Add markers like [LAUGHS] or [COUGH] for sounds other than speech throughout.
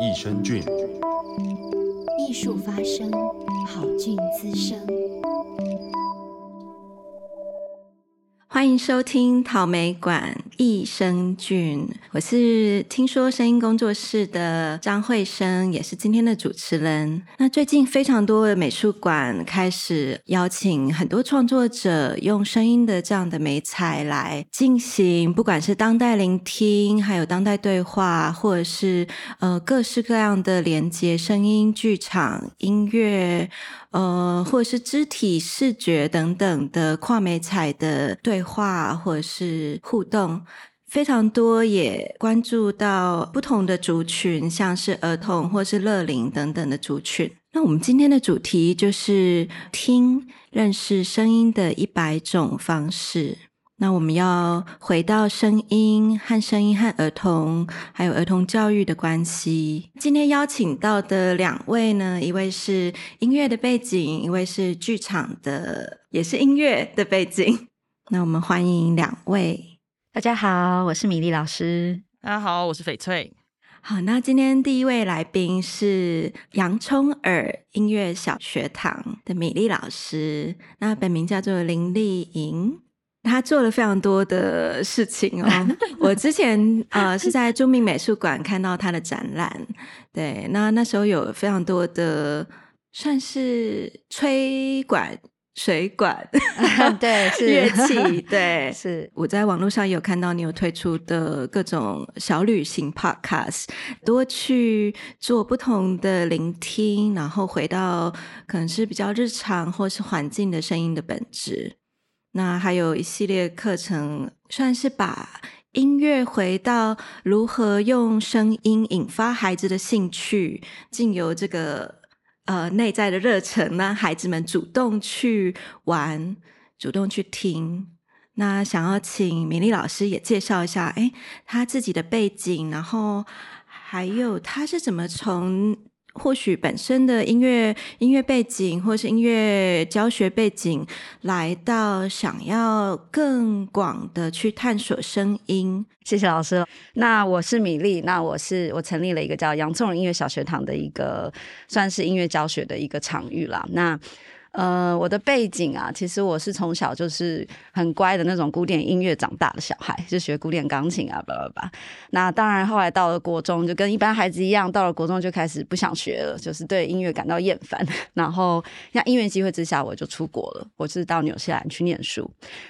益生菌，藝術發聲，好菌滋生。歡迎收聽桃美館。益生菌，我是聽說聲音工作室的張惠笙，也是今天的主持人。那最近非常多的美術館開始邀請很多創作者用聲音的這樣的媒材來進行，不管是當代聆聽，還有當代對話，或者是呃各式各樣的連接聲音劇場、音樂。呃，或者是肢體、視覺等等的跨媒材的對話，或者是互動非常多，也關注到不同的族群，像是兒童或是樂齡等等的族群。那我們今天的主題就是聽，認識聲音的一百種方式。那我們要回到聲音和聲音和兒童，還有兒童教育的關係。今天邀請到的兩位呢，一位是音樂的背景，一位是劇場的，也是音樂的背景。那我們歡迎兩位。大家好，我是米粒老師。大家、啊、好，我是翡翠。好，那今天第一位來賓是洋蔥耳音樂小學堂的米粒老師，那本名叫做林俐吟。他做了非常多的事情哦。 [LAUGHS] 我之前 [LAUGHS] 呃是在著名美術館看到他的展覽，對。那那時候有非常多的算是吹管、水管，嗯、對， [LAUGHS] 是樂器，對，是。我在網絡上有看到你有推出的各種小旅行 podcast，多去做不同的聆聽，然後回到可能是比較日常或是環境的聲音的本質。那還有一系列課程，算是把音樂回到如何用聲音引發孩子的興趣，經由這個呃內在的熱忱，讓孩子們主動去玩、主動去聽。那想要請米粒老師也介紹一下，誒，他自己的背景，然後還有他是怎麼從。或許本身的音樂音樂背景，或是音樂教學背景，來到想要更廣的去探索聲音。謝謝老師。那我是米粒，那我是我成立了一個叫洋蔥耳音樂小學堂的一個，算是音樂教學的一個場域啦。那。呃，我的背景啊，其實我是從小就是很乖的那種古典音樂長大的小孩，就學古典鋼琴啊，叭叭叭。那當然，後來到了國中，就跟一般孩子一樣，到了國中就開始不想學了，就是對音樂感到厭煩。然後，像因緣機會之下，我就出國了，我是到紐西蘭去念書。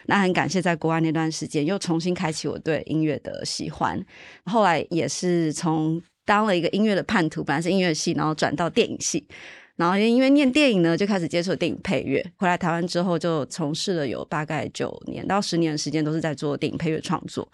那很感謝在國外那段時間，又重新開啟我對音樂的喜歡。後來也是從當了一個音樂的叛徒，本來是音樂系，然後轉到電影系。然後也因為念電影呢，就開始接觸電影配樂。回來台灣之後，就從事了有大概九年到十年的時間，都是在做電影配樂創作。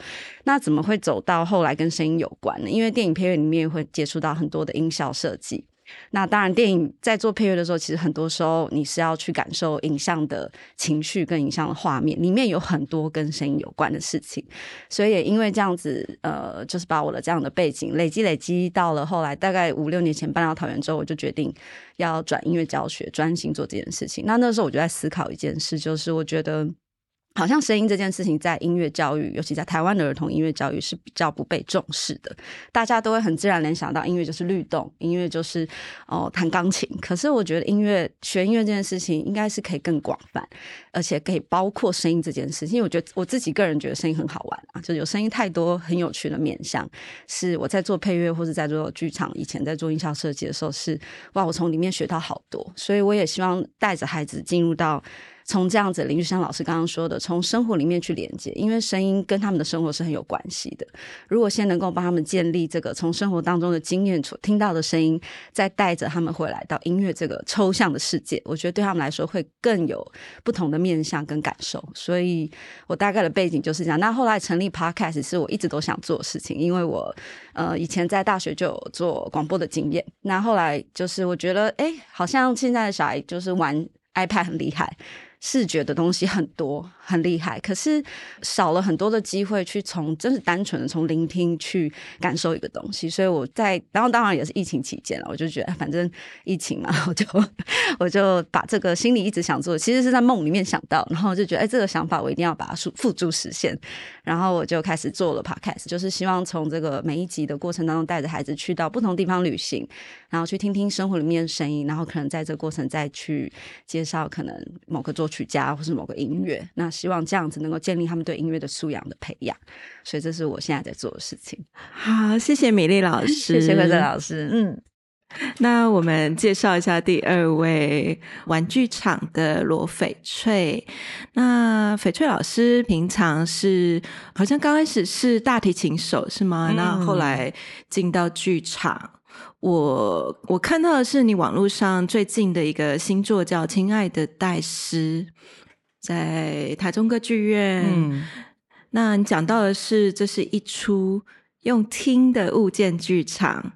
那怎麼會走到後來跟聲音有關呢？因為電影配樂裡面會接觸到很多的音效設計。那當然，電影在做配樂的時候，其實很多時候你是要去感受影像的情緒跟影像的畫面，裡面有很多跟聲音有關的事情。所以也因為這樣子，呃，就是把我的這樣的背景累積累積到了後來，大概五六年前搬到桃園之後，我就決定要轉音樂教學，專心做這件事情。那那時候我就在思考一件事，就是我覺得。好像聲音這件事情，在音樂教育，尤其在台灣的兒童音樂教育是比較不被重視的。大家都會很自然聯想到音樂就是律動，音樂就是哦、呃、彈鋼琴。可是我覺得音樂學音樂這件事情應該是可以更廣泛，而且可以包括聲音這件事情。因為我覺得我自己個人覺得聲音很好玩啊，就有聲音太多很有趣的面向。是我在做配樂或者在做劇場，以前在做音效設計的時候是哇，我從裡面學到好多。所以我也希望帶着孩子進入到。從這樣子，林旭香老師剛剛說的，從生活裡面去連接，因為聲音跟他們的生活是很有關係的。如果先能夠幫他們建立這個從生活當中的經驗所聽到的聲音，再帶着他們回來到音樂這個抽象的世界，我覺得對他們來說會更有不同的面向跟感受。所以，我大概的背景就是這樣。那後來成立 Podcast 是我一直都想做的事情，因為我呃以前在大學就有做廣播的經驗。那後來就是我覺得，哎，好像現在的小孩就是玩 iPad 很厲害。視覺的東西很多，很厲害，可是少了很多的機會去從，真是單純的從聆聽去感受一個東西。所以我在，然後當然也是疫情期間了，我就覺得反正疫情嘛，我就我就把這個心裡一直想做，其實是在夢裡面想到，然後就覺得哎，這個想法我一定要把它付付諸實現，然後我就開始做了 Podcast，就是希望從這個每一集的過程當中帶着孩子去到不同地方旅行。然後去聽聽生活裡面的聲音，然後可能在這個過程再去介紹可能某個作曲家或是某個音樂，那希望這樣子能夠建立他們對音樂的素養的培養。所以這是我現在在做的事情。好，謝謝米粒老師， [LAUGHS] [LAUGHS] 謝謝惠笙老師。嗯，那我們介紹一下第二位頑劇場的羅翡翠。那翡翠老師平常是好像剛開始是大提琴手是嗎？嗯、那後來進到劇場。我我看到的是你網絡上最近的一個新作，叫《親愛的戴斯》，在台中歌劇院。嗯，那你講到的是，這是一出用聽的物件劇場，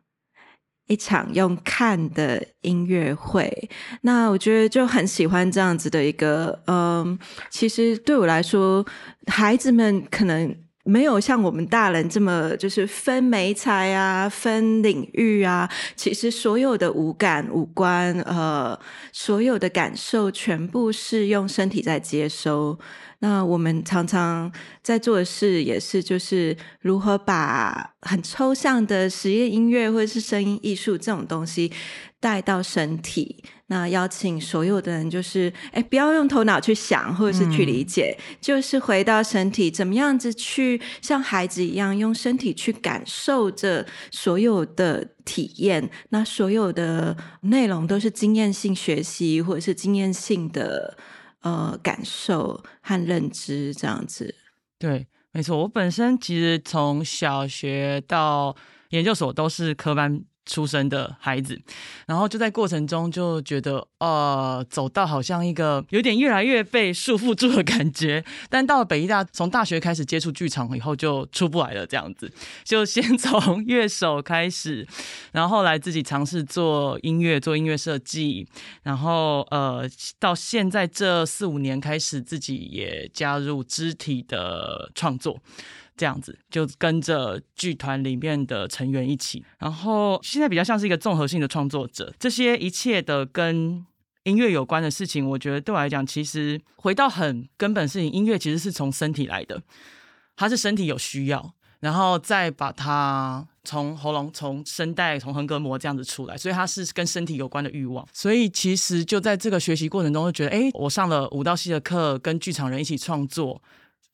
一場用看的音樂會。那我覺得就很喜歡這樣子的一個，嗯，其實對我來說，孩子們可能，沒有像我們大人這麼就是分媒材啊，分領域啊。其實所有的五感、五官，呃，所有的感受全部是用身體在接收。那我們常常在做的事，也是就是如何把很抽象的實驗音樂或者是聲音藝術這種東西。帶到身體，那邀請所有的人，就是哎、欸，不要用頭腦去想，或者是去理解，嗯、就是回到身體，怎麼樣子去像孩子一樣用身體去感受着所有的體驗，那所有的內容都是經驗性學習，或者是經驗性的呃感受和認知這樣子。對，沒錯，我本身其實從小學到研究所都是科班，出生的孩子，然後就在過程中就覺得，呃、哦，走到好像一個有點越來越被束縛住的感覺。但到了北藝大，從大學開始接觸劇場以後，就出不來了。這樣子，就先從樂手開始，然後來自己嘗試做音樂，做音樂設計，然後呃，到現在這四五年開始，自己也加入肢體的創作。這樣子就跟着劇團裡面的成員一起，然後現在比較像是一個綜合性的創作者，這些一切的跟音樂有關的事情，我覺得對我來講，其實回到很根本的事情，音樂其實是從身體來的，它是身體有需要，然後再把它從喉嚨、從聲帶、從橫膈膜這樣子出來，所以它是跟身體有關的慾望。所以其實就在這個學習過程中，就覺得，哎、欸，我上了舞蹈系的課，跟劇場人一起創作。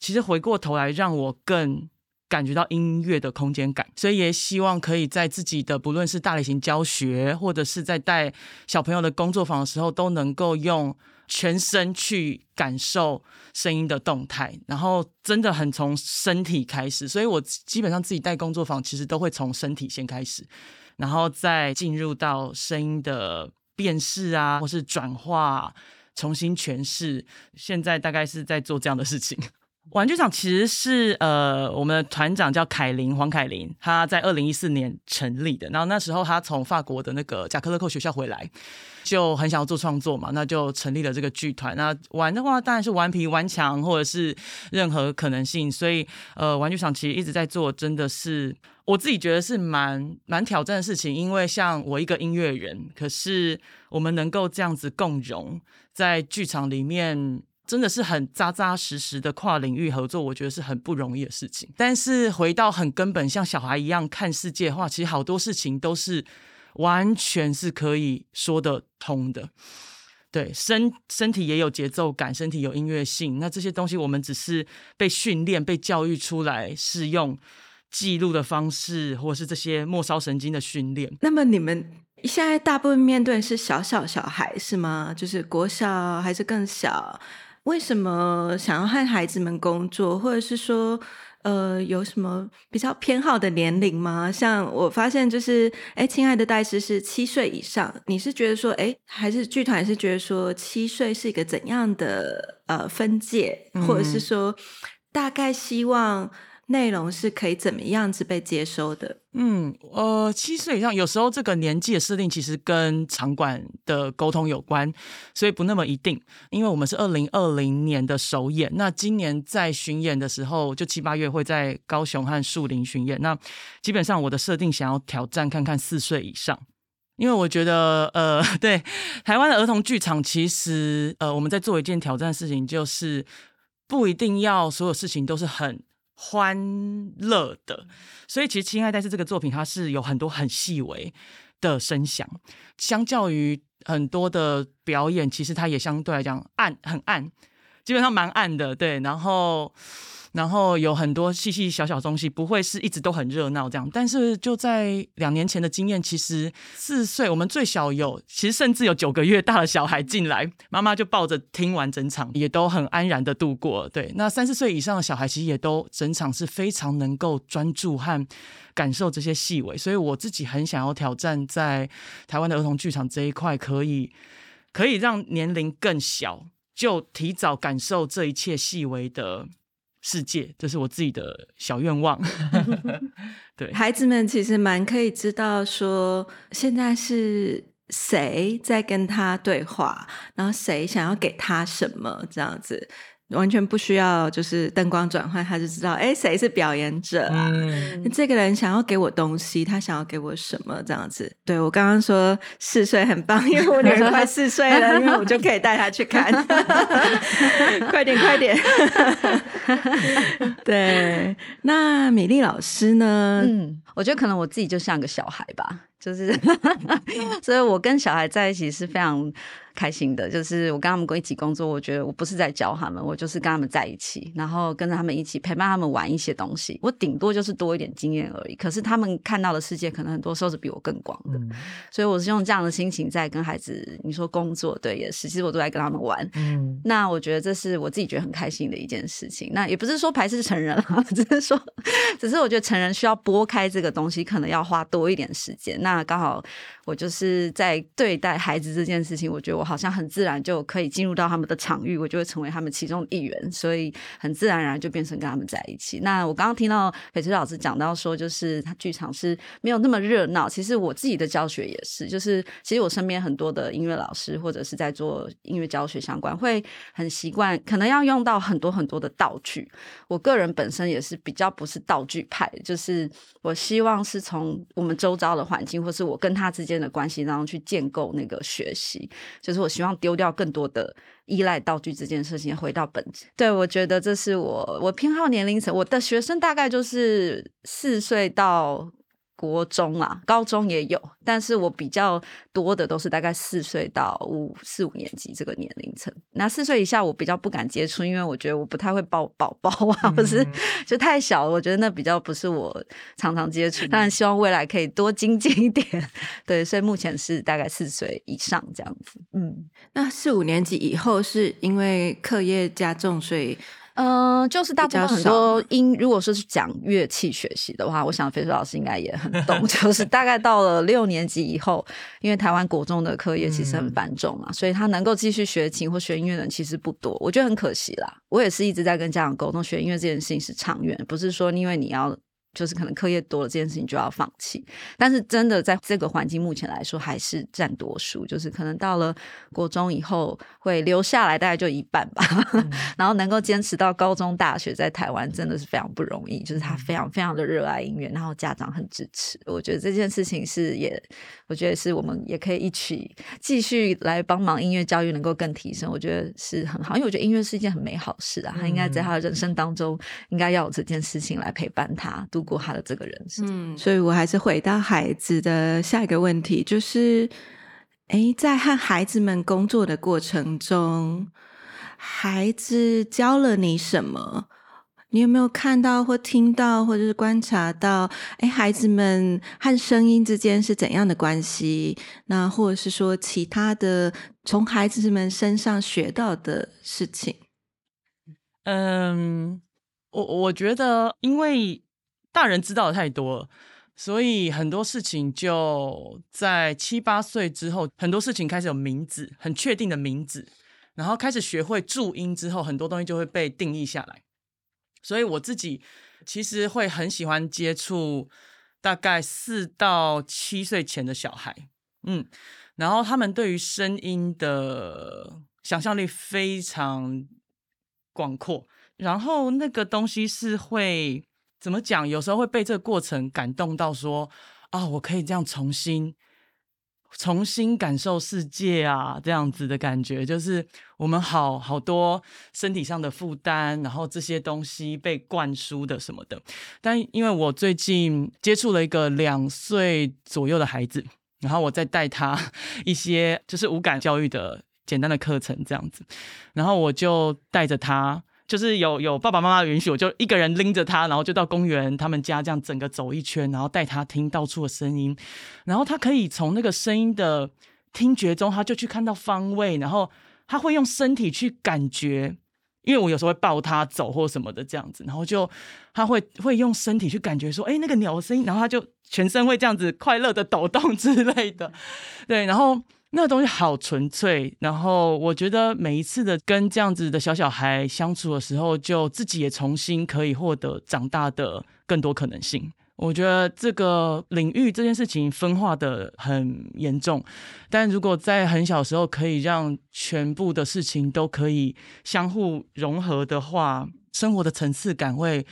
其實回過頭來，讓我更感覺到音樂的空間感，所以也希望可以在自己的，不論是大類型教學，或者是在帶小朋友的工作坊的時候，都能夠用全身去感受聲音的動態，然後真的很從身體開始。所以我基本上自己帶工作坊，其實都會從身體先開始，然後再進入到聲音的辨識啊，或是轉化、啊、重新詮釋。現在大概是在做這樣的事情。頑劇場其實是呃，我們的團長叫凱林、黃凱林，她在二零一四年成立的。然後那時候她從法國的那個賈克勒克學校回來，就很想要做創作嘛，那就成立了這個劇團。那頑的話當然是頑皮、頑強或者是任何可能性。所以呃，頑劇場其實一直在做，真的是我自己覺得是蠻蠻挑戰的事情，因為像我一個音樂人，可是我們能夠這樣子共融在劇場裡面。真的是很扎扎實實的跨領域合作，我覺得是很不容易的事情。但是回到很根本，像小孩一樣看世界的話，其實好多事情都是完全是可以說得通的。對，身身體也有節奏感，身體有音樂性，那這些東西我們只是被訓練、被教育出來，是用記錄的方式，或者是這些末梢神經的訓練。那麼你們現在大部分面對是小小小孩，是嗎？就是國小還是更小？為什麼想要和孩子們工作，或者是說，呃，有什麼比較偏好的年齡嗎？像我發現，就是，誒、欸、親愛的戴師是七歲以上，你是覺得說，誒、欸、還是劇團是覺得說，七歲是一個怎樣的，呃，分界，或者是說，大概希望。內容是可以怎麼樣子被接收的？嗯，呃，七歲以上，有時候這個年紀的設定其實跟場館的溝通有關，所以不那麼一定。因為我們是二零二零年的首演，那今年在巡演的時候，就七八月會在高雄和樹林巡演。那基本上我的設定想要挑戰看看四歲以上，因為我覺得，呃，對，台灣的兒童劇場，其實呃，我們在做一件挑戰的事情，就是不一定要所有事情都是很。歡樂的，所以其實《親愛的》是這個作品，它，是有很多很細微的聲響，相較於很多的表演，其實它也相對來講暗，很暗，基本上蠻暗的，對，然後。然後有很多細細小小東西，不會是一直都很熱鬧這樣。但是就在兩年前的經驗，其實四歲我們最小有，其實甚至有九個月大的小孩進來，媽媽就抱着聽完整場，也都很安然的度過了。對，那三四歲以上的小孩，其實也都整場是非常能夠專注和感受這些細微。所以我自己很想要挑戰，在台灣的兒童劇場這一塊，可以可以讓年齡更小就提早感受這一切細微的。世界，這是我自己的小願望。 [LAUGHS] 對。孩子們，其實蠻可以知道說，現在是誰在跟他對話，然後誰想要給他什麼，這樣子。完全不需要，就是燈光轉換，他就知道，哎，誰是表演者啊。這個人想要給我東西，他想要給我什麼？這樣子。對，我剛剛說四歲很棒，因為我女兒快四歲了，然後我就可以帶她去看。快點，快點。對，那米粒老師呢？嗯，我覺得可能我自己就像個小孩吧。就是， [LAUGHS] [LAUGHS] [LAUGHS] 所以我跟小孩在一起是非常開心的。就是我跟他們一起工作，我覺得我不是在教他們，我就是跟他們在一起，然後跟着他們一起陪伴他們玩一些東西。我頂多就是多一點經驗而已。可是他們看到的世界，可能很多時候是比我更廣的。嗯，所以我是用這樣的心情在跟孩子，你說工作對也是，其實我都在跟他們玩。嗯，那我覺得這是我自己覺得很開心的一件事情。那也不是說排斥成人啊，只是說， [LAUGHS] 只是我覺得成人需要撥開這個東西，可能要花多一點時間。那那剛好，我就是在對待孩子這件事情，我覺得我好像很自然就可以進入到他們的場域，我就會成為他們其中一員，所以很自然而然就變成跟他們在一起。那我剛剛聽到翡翠老師講到說，就是他劇場是沒有那麼熱鬧。其實我自己的教學也是，就是其實我身邊很多的音樂老師或者是在做音樂教學相關，會很習慣，可能要用到很多很多的道具。我個人本身也是比較不是道具派，就是我希望是從我們周遭的環境。或是我跟他之間的關係，然後去建構那個學習，就是我希望丟掉更多的依賴道具這件事情，回到本質。對，我覺得這是我我偏好年齡層，我的學生大概就是四歲到。國中啊，高中也有，但是我比較多的都是大概四歲到五四五年級這個年齡層。那四歲以下我比較不敢接觸，因為我覺得我不太會抱寶寶啊，不是就太小了，我覺得那比較不是我常常接觸。當然希望未來可以多精進一點對，所以目前是大概四歲以上這樣子。嗯，那四五年級以後是因為課業加重，所以。嗯、呃，就是大家很多音，如果說是講樂器學習的話， [LAUGHS] 我想翡翠老師應該也很懂。就是大概到了六年級以後，因為台灣國中的課業其實很繁重嘛，嗯、所以他能夠繼續學琴或學音樂的人其實不多，我覺得很可惜啦。我也是一直在跟家長溝通，學音樂這件事情是長遠，不是說因為你要。就是可能課業多了，這件事情就要放棄。但是真的在這個環境目前來說，還是佔多數。就是可能到了國中以後會留下來，大概就一半吧。 [LAUGHS] 然後能夠堅持到高中大學，在台灣真的是非常不容易。就是他非常非常的熱愛音樂，然後家長很支持。我覺得這件事情是也，我覺得是我們也可以一起繼續來幫忙音樂教育，能夠更提升。我覺得是很好，因為我覺得音樂是一件很美好事啊。他應該在他的人生當中，應該要有這件事情來陪伴他。過他的這個人，嗯，所以我還是回到孩子的下一個問題，就是，哎、欸，在和孩子們工作的過程中，孩子教了你什麼？你有沒有看到或聽到，或者是觀察到，哎、欸，孩子們和聲音之間是怎樣的關係？那或者是說其他的，從孩子們身上學到的事情？嗯，我我覺得因為。大人知道的太多了，所以很多事情就在七八歲之後，很多事情開始有名字，很確定的名字，然後開始學會注音之後，很多東西就會被定義下來。所以我自己其實會很喜歡接觸大概四到七歲前的小孩，嗯，然後他們對於聲音的想象力非常廣闊，然後那個東西是會。怎麼講？有時候會被這個過程感動到說，說、哦、啊，我可以這樣重新、重新感受世界啊，這樣子的感覺，就是我們好好多身體上的負擔，然後這些東西被灌輸的什麼的。但因為我最近接觸了一個兩歲左右的孩子，然後我在帶他一些就是五感教育的簡單的課程這樣子，然後我就帶着他。就是有有爸爸媽媽允許，我就一個人拎着他，然後就到公園他們家這樣整個走一圈，然後帶他聽到處的聲音，然後他可以從那個聲音的聽覺中，他就去看到方位，然後他會用身體去感覺。因為我有時候會抱他走或什麼的這樣子，然後就他會會用身體去感覺說，哎，那個鳥聲，然後他就全身會這樣子快樂的抖動之類的，對，然後那個東西好純粹，然後我覺得每一次的跟這樣子的小小孩相處的時候，就自己也重新可以獲得長大的更多可能性。我覺得這個領域這件事情分化的很嚴重，但如果在很小時候可以讓全部的事情都可以相互融合的話，生活的層次感會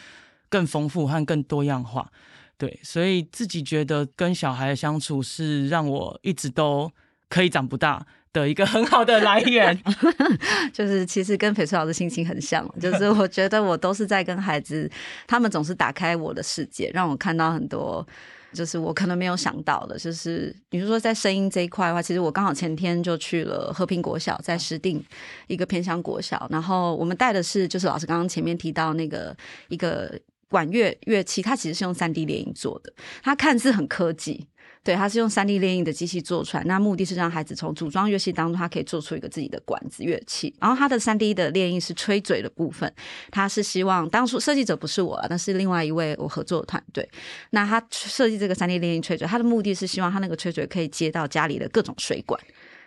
更豐富和更多樣化。對，所以自己覺得跟小孩相處是讓我一直都可以長不大的一個很好的來源， [LAUGHS] 就是其實跟翡翠老師心情很像，就是我覺得我都是在跟孩子，他們總是打開我的世界，讓我看到很多，就是我可能沒有想到的。就是比如說在聲音這一塊的話，其實我剛好前天就去了和平國小，在石碇。一個偏鄉國小，然後我們帶的是就是老師剛剛前面提到那個一個管樂樂器，它其實是用三 D 列印做的，它看似很科技。對，他是用三 D 列印的機器做出來，那目的是讓孩子從組裝樂器當中，他可以做出一個自己的管子樂器。然後他的三 D 的列印是吹嘴的部分，他是希望當初設計者不是我，但是另外一位我合作的團隊，那他設計這個三 D 列印吹嘴，他的目的是希望他那個吹嘴可以接到家裡的各種水管。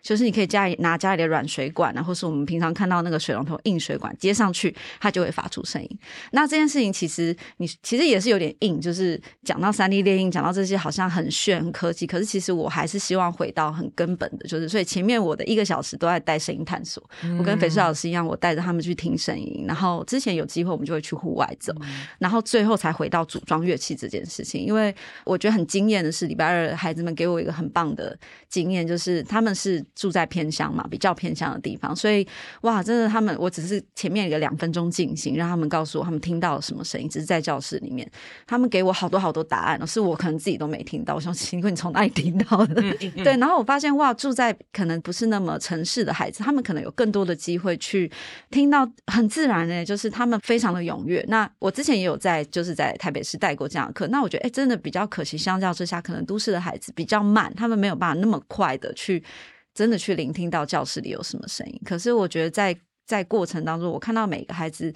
就是你可以家裡拿家裡的軟水管啊，或是我們平常看到那個水龍頭硬水管接上去，它就會發出聲音。那這件事情其實你其實也是有點硬，就是講到 3D 列印，講到這些好像很炫、很科技，可是其實我還是希望回到很根本的，就是所以前面我的一個小時都在帶聲音探索。我跟翡翠老師一樣，我帶着他們去聽聲音，然後之前有機會我們就會去戶外走，然後最後才回到組裝樂器這件事情。因為我覺得很驚豔的是，禮拜二孩子們給我一個很棒的經驗，就是他們是。住在偏鄉嘛，比較偏鄉的地方，所以哇，真的，他們我只是前面一個兩分鐘進行，讓他們告訴我他們聽到了什麼聲音，只是在教室裡面，他們給我好多好多答案，是我可能自己都沒聽到，我想請問你從哪裡聽到的？嗯嗯嗯對，然後我發現哇，住在可能不是那麼城市的孩子，他們可能有更多的機會去聽到，很自然呢，就是他們非常的踴躍。那我之前也有在就是在台北市帶過這樣的課，那我覺得哎、欸，真的比較可惜，相較之下，可能都市的孩子比較慢，他們沒有辦法那麼快的去。真的去聆聽到教室裡有什麼聲音，可是我覺得在在過程當中，我看到每個孩子，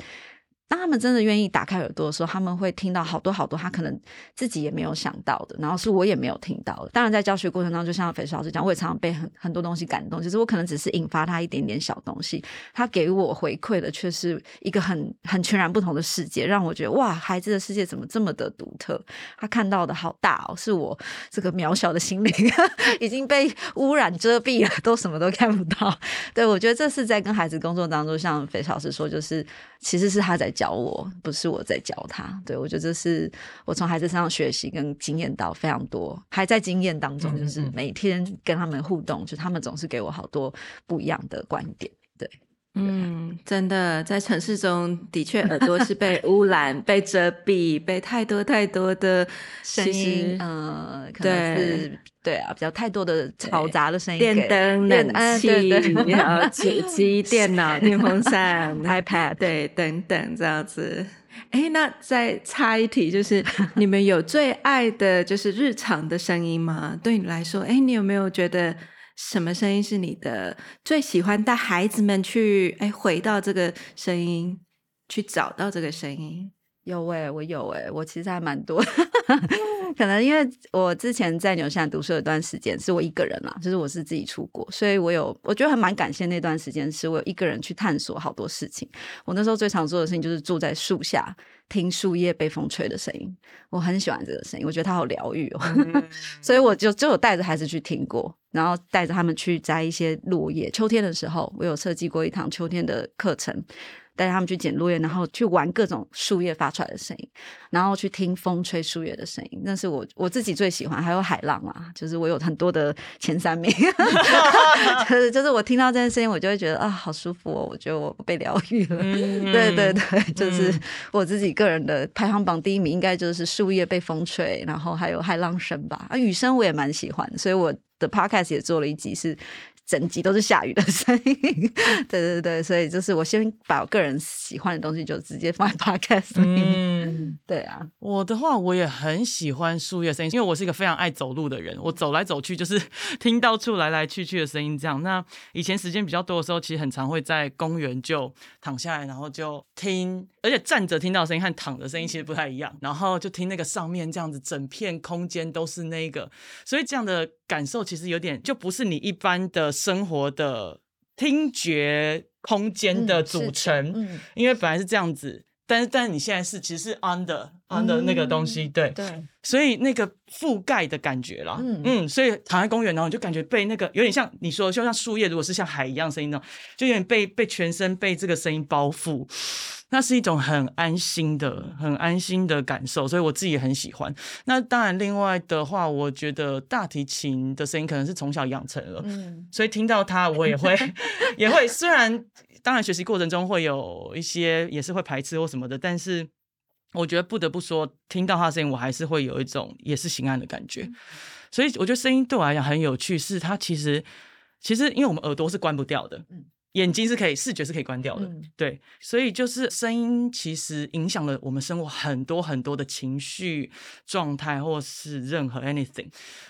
當他們真的願意打開耳朵的時候，他們會聽到好多好多他可能自己也沒有想到的，然後是我也沒有聽到的。當然，在教學過程當中，就像翡翠老師講，我也常常被很很多東西感動。其實我可能只是引發他一點點小東西，他給我回饋的卻是一個很很全然不同的世界，讓我覺得哇，孩子的世界怎麼這麼的獨特？他看到的好大哦，是我這個渺小的心靈 [LAUGHS] 已經被污染遮蔽了，都什麼都看不到。對，我覺得這是在跟孩子工作當中，像翡翠老師說，就是其實是他在。教我，不是我在教他。對，我覺得這是，我從孩子身上學習跟經驗到非常多，還在經驗當中，就是每天跟他們互動，嗯嗯，就他們總是給我好多不一樣的觀點，對。嗯，真的，在城市中的確耳朵是被污染、 [LAUGHS] 被遮蔽、被太多太多的聲音， [LAUGHS] 呃，可能是對，對啊，比較太多的嘈雜的聲音，電燈、冷氣 [LAUGHS] 的、然後手機、電腦、電風扇、 [LAUGHS] iPad，對，等等，這樣子。誒，那再插一題，就是 [LAUGHS] 你們有最愛的就是日常的聲音嗎？對你來說，誒，你有沒有覺得？什麼聲音是你的最喜歡？帶孩子們去，哎、欸，回到這個聲音，去找到這個聲音。有喂、欸，我有喂、欸，我其實還蠻多。 [LAUGHS] 可能因為我之前在紐西蘭讀書有一段時間，是我一個人啦、啊。就是我是自己出國，所以我有，我覺得還蠻感謝那段時間，是我一個人去探索好多事情。我那時候最常做的事情就是住在樹下。聽樹葉被風吹的聲音，我很喜歡這個聲音，我覺得它好療癒哦。 [LAUGHS] 所以我就，就有帶着孩子去聽過，然後帶着他們去摘一些落葉。秋天的時候，我有設計過一堂秋天的課程。帶他們去撿落葉，然後去玩各種樹葉發出來的聲音，然後去聽風吹樹葉的聲音。但是我，我我自己最喜歡還有海浪啊，就是我有很多的前三名。 [LAUGHS] 就是，就是我聽到這些聲音，我就會覺得啊，好舒服哦，我覺得我被療癒了。嗯、對對對，就是我自己個人的排行榜第一名，應該就是樹葉被風吹，然後還有海浪聲吧。啊，雨聲我也蠻喜歡，所以我的 podcast 也做了一集是。整集都是下雨的聲音， [LAUGHS] 對對對，所以就是我先把我個人喜歡的東西就直接放在 podcast 裡面，嗯。對啊，我的話我也很喜歡樹葉聲音，因為我是一個非常愛走路的人，我走來走去就是聽到處來來去去的聲音。這樣，那以前時間比較多的時候，其實很常會在公園就躺下來，然後就聽。而且站着聽到的聲音和躺着聲音其實不太一樣，然後就聽那個上面這樣子，整片空間都是那個，所以這樣的感受其實有點就不是你一般的生活的聽覺空間的組成，嗯嗯、因為本來是這樣子，但是但是你現在是其實是 under under 那個東西，對、嗯、對。對所以那個覆蓋的感覺啦，嗯嗯，所以躺在公園，然後你就感覺被那個有點像你說的，就像樹葉，如果是像海一樣聲音那種，就有點被被全身被這個聲音包覆，那是一種很安心的、很安心的感受，所以我自己也很喜歡。那當然，另外的話，我覺得大提琴的聲音可能是從小養成了，所以聽到它我也會也會，雖然當然學習過程中會有一些也是會排斥或什麼的，但是。我覺得不得不說，聽到他的聲音，我還是會有一種也是心安的感覺。嗯、所以我覺得聲音對我來講很有趣，是它其實其實因為我們耳朵是關不掉的，眼睛是可以視覺是可以關掉的，嗯、對，所以就是聲音其實影響了我們生活很多很多的情緒狀態或是任何 anything，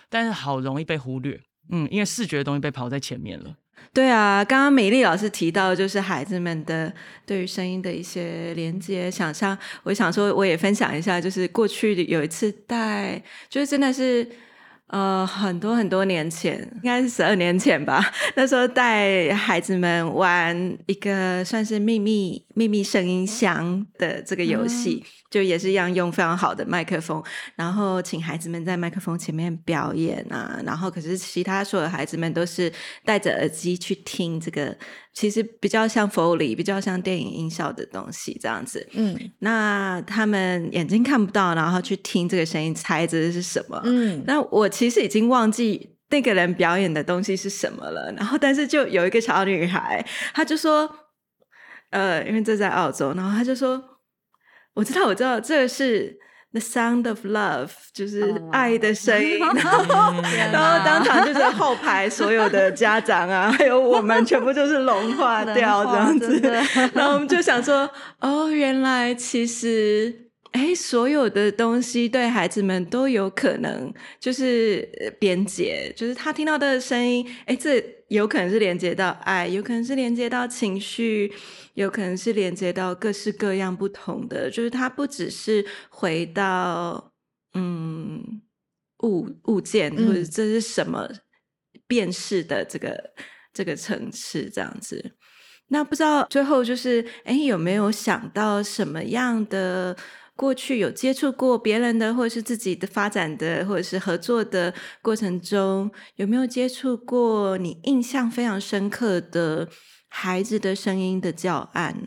但是好容易被忽略，嗯，因為視覺的東西被跑在前面了。對啊，剛剛米粒老師提到，就是孩子們的對於聲音的一些連接想象，我想說我也分享一下，就是過去有一次帶，就是真的是。呃，很多很多年前，應該是十二年前吧。那時候帶孩子們玩一個算是秘密秘密聲音箱的這個遊戲，Okay. 就也是一樣用非常好的麥克風，然後請孩子們在麥克風前面表演啊，然後可是其他所有的孩子們都是戴着耳機去聽這個。其實比較像 Foley，比較像電影音效的東西這樣子。嗯，那他們眼睛看不到，然後去聽這個聲音，猜這是什麼。嗯，那我其實已經忘記那個人表演的東西是什麼了。然後，但是就有一個小女孩，她就說：“呃，因為這在澳洲。”然後她就說：“我知道，我知道，這是。” The sound of love，oh。就是愛的聲音，然後然後，當場就是後排所有的家長啊， [LAUGHS] 還有我們全部就是融化掉這樣子， [LAUGHS] [LAUGHS] 然後我們就想說， [LAUGHS] 哦，原來其實。欸、所有的東西對孩子們都有可能，就是連結，就是他聽到的聲音，哎、欸，這有可能是連接到愛，有可能是連接到情緒，有可能是連接到各式各樣不同的，就是他不只是回到嗯物、物件或者這是什麼辨識的這個這個層次這樣子。那不知道最後就是哎、欸、有沒有想到什麼樣的？過去有接觸過別人的，或者是自己的發展的，或者是合作的過程中，有沒有接觸過你印象非常深刻的孩子的聲音的教案？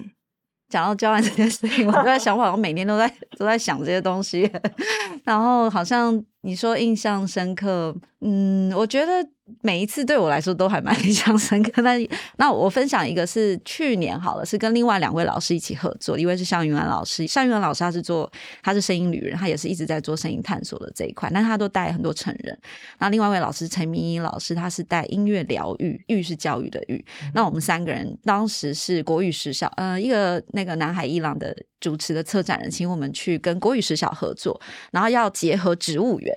講到教案這件事情，我就在想，我好像每天都在 [LAUGHS] 都在想這些東西。 [LAUGHS] 然後好像你說印象深刻，嗯，我覺得。每一次對我來說都還蠻印象深刻。那那我分享一個是去年好了，是跟另外兩位老師一起合作，一位是向云安老師，向云安老師他是做他是聲音旅人，他也是一直在做聲音探索的這一塊，但他都帶很多成人。那另外一位老師陳明英老師，他是帶音樂療育，育是教育的育。嗯、那我們三個人當時是國語時小，呃，一個那個南海伊朗的主持的策展人，請我們去跟國語實小合作，然後要結合植物園。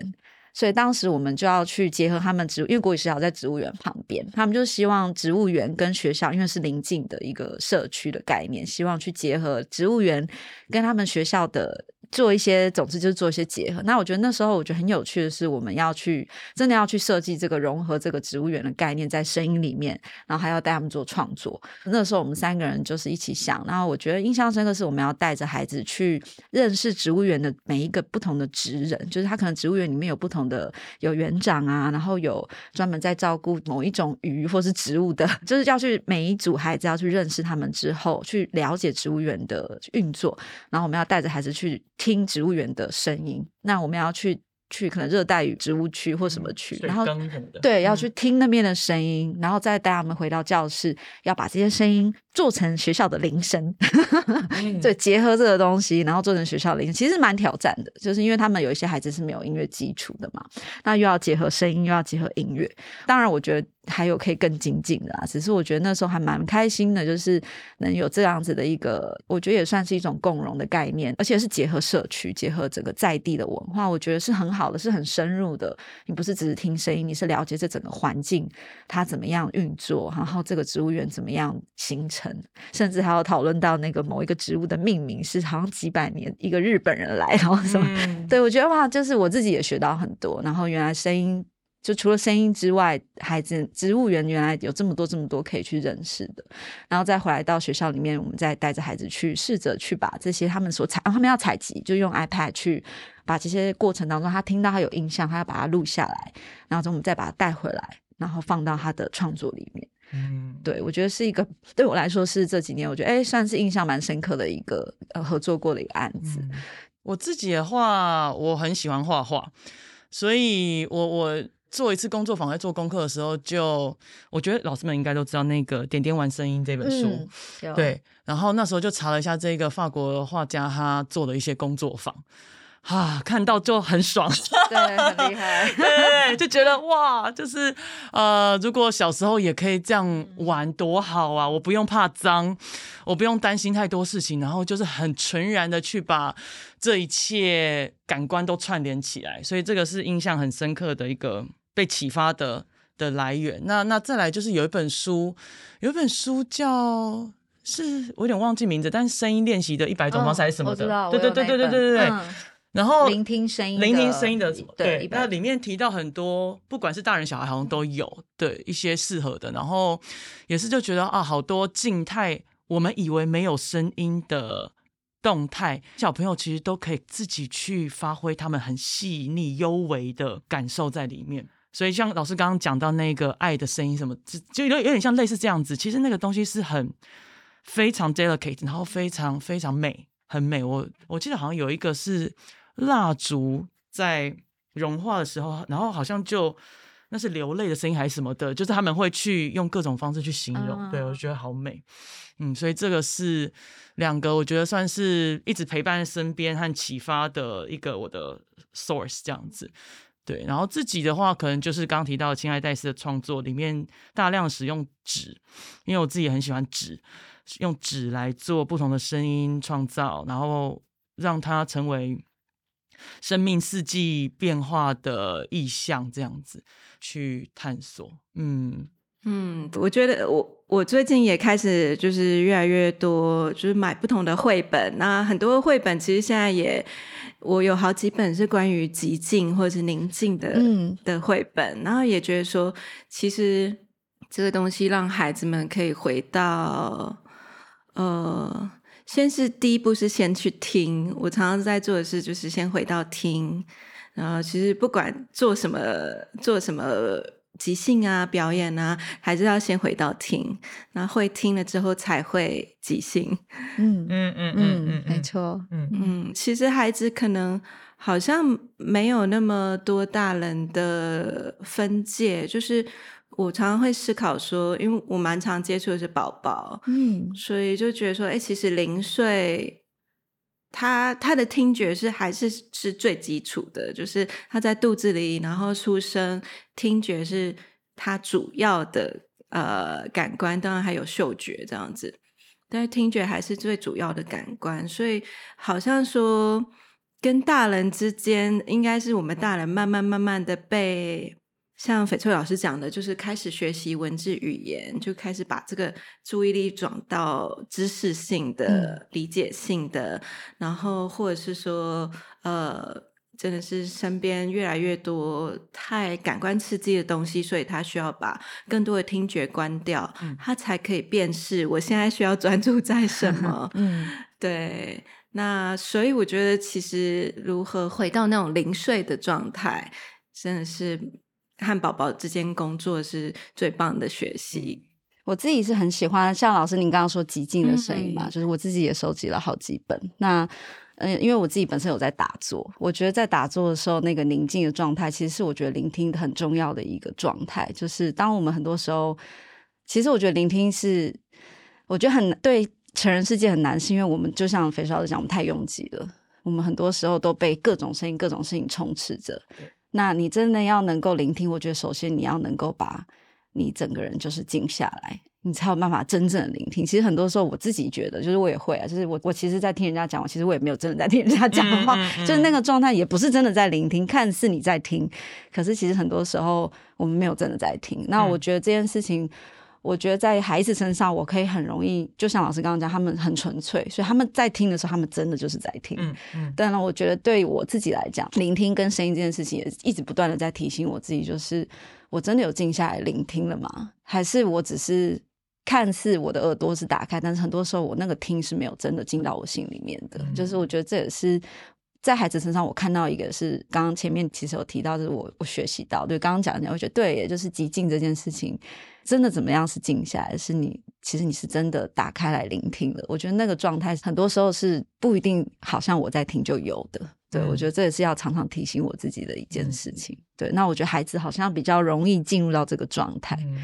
所以當時我們就要去結合他們植，因為國語學校在植物園旁邊，他們就希望植物園跟學校，因為是鄰近的一個社區的概念，希望去結合植物園跟他們學校的。做一些，總之就是做一些結合。那我覺得那時候我覺得很有趣的是，我們要去真的要去設計這個融合這個植物園的概念在聲音裡面，然後還要帶他們做創作。那時候我們三個人就是一起想。然後我覺得印象深刻的是，我們要帶着孩子去認識植物園的每一個不同的職人，就是他可能植物園裡面有不同的有園長啊，然後有專門在照顧某一種魚或是植物的，就是要去每一組孩子要去認識他們之後，去了解植物園的運作。然後我們要帶着孩子去。聽植物園的聲音，那我們要去去可能熱帶雨植物區或什麼區，嗯、然後對，要去聽那邊的聲音，嗯、然後再帶他們回到教室，要把這些聲音做成學校的鈴聲， [LAUGHS] 對，結合這個東西，然後做成學校鈴聲，其實蠻挑戰的，就是因為他們有一些孩子是沒有音樂基礎的嘛，那又要結合聲音，又要結合音樂。當然，我覺得還有可以更精進的啦，只是我覺得那時候還蠻開心的，就是能有這樣子的一個，我覺得也算是一種共融的概念，而且是結合社區，結合整個在地的文化，我覺得是很好的，是很深入的。你不是只是聽聲音，你是了解這整個環境它怎麼樣運作，然後這個植物園怎麼樣形成。甚至還有討論到那個某一個植物的命名是好像幾百年一個日本人來，然後什麼、嗯？對，我覺得哇，就是我自己也學到很多。然後原來聲音就除了聲音之外，孩子植物園原來有這麼多這麼多可以去認識的。然後再回來到學校裡面，我們再帶着孩子去試着去把這些他們所採、啊，他們要採集，就用 iPad 去把這些過程當中他聽到他有印象，他要把它錄下來，然後我們再把它帶回來，然後放到他的創作裡面。嗯，對，我覺得是一個對我來說是這幾年我覺得哎，算是印象蠻深刻的一個、呃、合作過的一個案子。嗯、我自己的話，我很喜歡畫畫，所以我我做一次工作坊在做功課的時候就，就我覺得老師們應該都知道那個《點點玩聲音》這本書，嗯、對，然後那時候就查了一下這個法國畫家他做的一些工作坊。啊，看到就很爽，對，很厲害，對，就覺得哇，就是呃，如果小時候也可以這樣玩，多好啊！我不用怕髒，我不用擔心太多事情，然後就是很純然的去把這一切感官都串聯起來，所以這個是印象很深刻的一個被啟發的的來源。那那再來就是有一本書，有一本書叫是，我有點忘記名字，但是聲音練習的一百種方式還是什麼的，對、嗯、對對對對對對對。嗯然後聆聽聲音，聆聽聲音的對，那對本裡面提到很多，不管是大人小孩好像都有對一些適合的。然後也是就覺得啊，好多靜態，我們以為沒有聲音的動態，小朋友其實都可以自己去發揮他們很細膩、幽微的感受在裡面。所以像老師剛剛講到那個愛的聲音，什麼就就有點像類似這樣子。其實那個東西是很非常 delicate，然後非常非常美，很美。我我記得好像有一個是。蠟燭在融化的時候，然後好像就那是流淚的聲音還是什麼的，就是他們會去用各種方式去形容。嗯啊、對，我覺得好美。嗯，所以這個是兩個，我覺得算是一直陪伴身邊和啟發的一個我的 source 這樣子。對，然後自己的話，可能就是剛提到的親愛戴斯的創作裡面大量使用紙，因為我自己也很喜歡紙，用紙來做不同的聲音創造，然後讓它成為。生命四季變化的意象，這樣子去探索。嗯嗯，我覺得我我最近也開始就是越來越多，就是買不同的繪本。那很多繪本其實現在也，我有好幾本是關於寂靜或者寧靜的、嗯、的繪本。然後也覺得說，其實這個東西讓孩子們可以回到呃。先是第一步是先去聽，我常常在做的事就是先回到聽，然後其實不管做什麼做什麼即興啊表演啊，還是要先回到聽，那會聽了之後才會即興。嗯嗯嗯嗯嗯，沒錯。嗯嗯，其實孩子可能好像沒有那麼多大人的分界，就是。我常常會思考說，因為我蠻常接觸的是寶寶，嗯，所以就覺得說，哎，欸，其實零歲，他他的聽覺是還是是最基礎的，就是他在肚子裡，然後出生，聽覺是他主要的呃感官，當然還有嗅覺這樣子，但是聽覺還是最主要的感官，所以好像說跟大人之間，應該是我們大人慢慢慢慢地被。像翡翠老師講的，就是開始學習文字語言，就開始把這個注意力轉到知識性的、嗯、理解性的，然後或者是說，呃，真的是身邊越來越多太感官刺激的東西，所以他需要把更多的聽覺關掉，嗯、他才可以辨識。我現在需要專注在什麼？呵呵嗯，對。那所以我覺得，其實如何回到那種零碎的狀態，真的是。和寶寶之間工作是最棒的學習。我自己是很喜歡，像老師您剛剛說極靜的聲音嘛，嗯嗯，就是我自己也收集了好幾本。那嗯、呃，因為我自己本身有在打坐，我覺得在打坐的時候，那個寧靜的狀態，其實是我覺得聆聽很重要的一個狀態。就是當我們很多時候，其實我覺得聆聽是我覺得很難，對成人世界很難，是因為我們就像翡翠講，我們太擁擠了，我們很多時候都被各種聲音、各種事情充斥着。那你真的要能夠聆聽，我覺得首先你要能夠把你整個人就是靜下來，你才有辦法真正的聆聽。其實很多時候我自己覺得，就是我也會啊，就是我我其實，在聽人家講，我其實我也沒有真的在聽人家講話，嗯嗯嗯，就是那個狀態也不是真的在聆聽，看似你在聽，可是，其實很多時候我們沒有真的在聽。那我覺得這件事情。嗯我覺得在孩子身上，我可以很容易，就像老師剛剛講，他們很純粹，所以他們在聽的時候，他們真的就是在聽。嗯，當然，嗯、我覺得對我自己來講，聆聽跟聲音這件事情，也一直不斷地在提醒我自己，就是我真的有靜下來聆聽了嗎？還是我只是看似我的耳朵是打開，但是很多時候我那個聽是沒有真的進到我心裡面的。嗯、就是我覺得這也是。在孩子身上，我看到一個是，剛剛前面其實有提到，就是我我學習到，對，剛剛講的，我覺得對，也就是極靜這件事情，真的怎麼樣是靜下來，是你其實你是真的打開來聆聽的，我覺得那個狀態很多時候是不一定，好像我在聽就有的，對，我覺得這也是要常常提醒我自己的一件事情，對，那我覺得孩子好像比較容易進入到這個狀態。嗯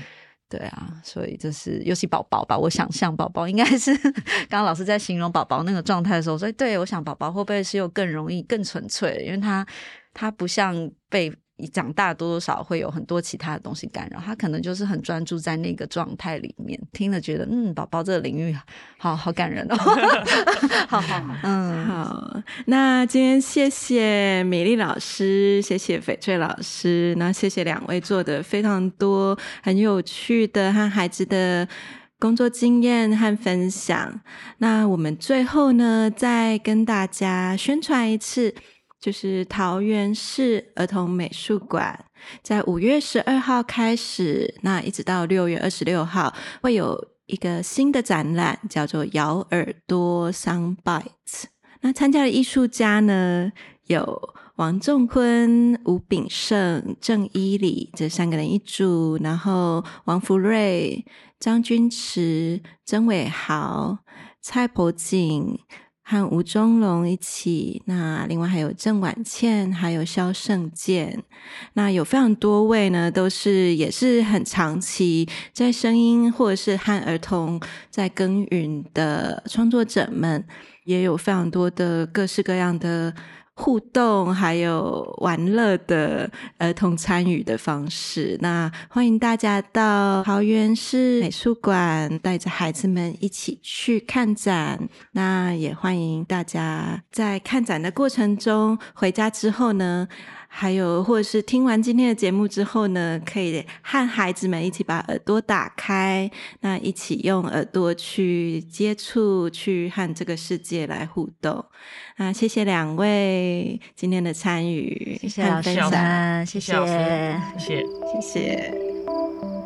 對啊，所以就是，尤其寶寶吧，我想像寶寶應該是，剛剛老師在形容寶寶那個狀態的時候，所以對，我想寶寶會不會是又更容易、更純粹，因為他他不像被。長大多多少少會有很多其他的東西干擾，他可能就是很專注在那個狀態裡面。聽了覺得，嗯，寶寶這個領域好好感人哦，好 [LAUGHS] [LAUGHS] 好好，嗯好。那今天謝謝米粒老師，謝謝翡翠老師，那謝謝兩位做的非常多、很有趣的和孩子的工作經驗和分享。那我們最後呢，再跟大家宣傳一次。就是桃園市兒童美術館，在五月十二號開始，那一直到六月二十六號，會有一個新的展覽，叫做「咬耳朵 Sound Bite」。那參加的藝術家呢，有王仲坤、吳炳盛、鄭依里這三個人一組，然後王福瑞、張君池、曾偉豪、蔡柏景。和吳中龍一起，那另外還有鄭婉倩，還有蕭勝健，那有非常多位呢，都是也是很長期在聲音或者是和兒童在耕耘的創作者們，也有非常多的各式各樣的。互動還有玩樂的兒童參與的方式，那歡迎大家到桃園市美術館，帶着孩子們一起去看展。那也歡迎大家在看展的過程中，回家之後呢，還有，或者是聽完今天的節目之後呢，可以和孩子們一起把耳朵打開，那一起用耳朵去接觸，去和這個世界來互動。那謝謝兩位今天的參與，謝謝老師，謝謝，謝謝，謝謝。